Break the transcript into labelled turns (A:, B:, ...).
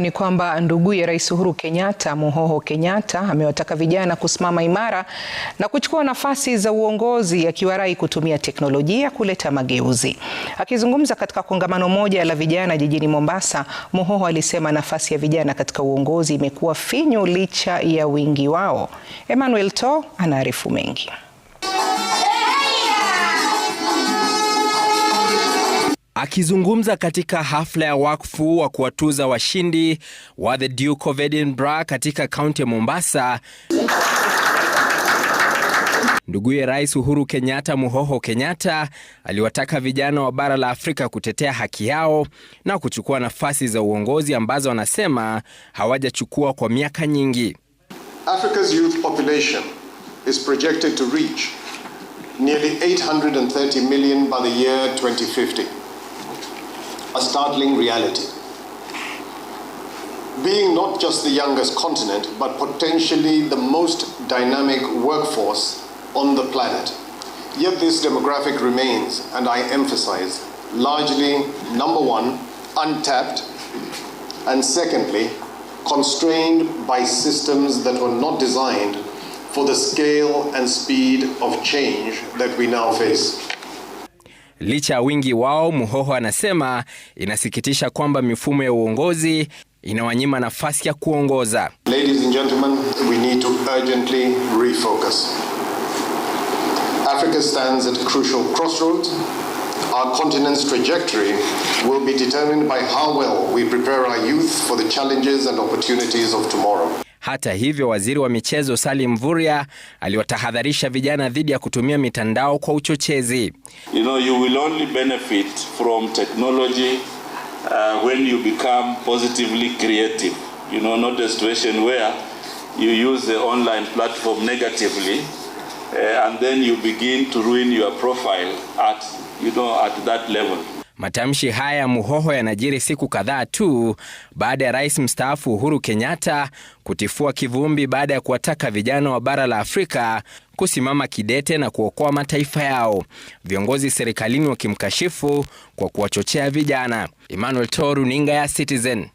A: Ni kwamba ya Rais Uhuru Kenyatta, Muhoho Kenyatta, amewataka vijana kusimama imara na kuchukua nafasi za uongozi, akiwarai kutumia teknolojia kuleta mageuzi. Akizungumza katika kongamano moja la vijana jijini Mombasa, Muhoho alisema nafasi ya vijana katika uongozi imekuwa finyu licha ya wingi wao. Emmanuel To anaarifu mengi.
B: Akizungumza katika hafla ya wakfu wa kuwatuza washindi wa The Duke of Edinburgh katika kaunti ya Mombasa, nduguye Rais Uhuru Kenyatta Muhoho Kenyatta aliwataka vijana wa bara la Afrika kutetea haki yao na kuchukua nafasi za uongozi ambazo wanasema hawajachukua kwa miaka nyingi.
C: Africa's youth population is projected to reach nearly 830 million by the year 2050. a startling reality. Being not just the youngest continent, but potentially the most dynamic workforce on the planet. Yet this demographic remains, and I emphasize, largely number one, untapped, and secondly, constrained by systems that were not designed for the scale and speed of change that we now face.
B: Licha ya wingi wao, Muhoho anasema inasikitisha kwamba mifumo ya uongozi inawanyima nafasi ya kuongoza.
C: Ladies and gentlemen, we need to urgently refocus. Africa stands at a crucial crossroads. Our continent's trajectory will be determined by how well we prepare our youth for the challenges and opportunities of tomorrow.
B: Hata hivyo, waziri wa michezo Salim Vuria aliwatahadharisha vijana dhidi ya kutumia mitandao kwa uchochezi.
D: You know, you will only benefit from technology uh, when you become positively creative. You know, not a situation where you use the online platform negatively uh, and then you begin to ruin your profile at, you know, at that level.
B: Matamshi haya ya Muhoho yanajiri siku kadhaa tu baada ya rais mstaafu Uhuru Kenyatta kutifua kivumbi baada ya kuwataka vijana wa bara la Afrika kusimama kidete na kuokoa mataifa yao, viongozi serikalini wakimkashifu kwa kuwachochea vijana. Emmanuel Toru, runinga ya Citizen.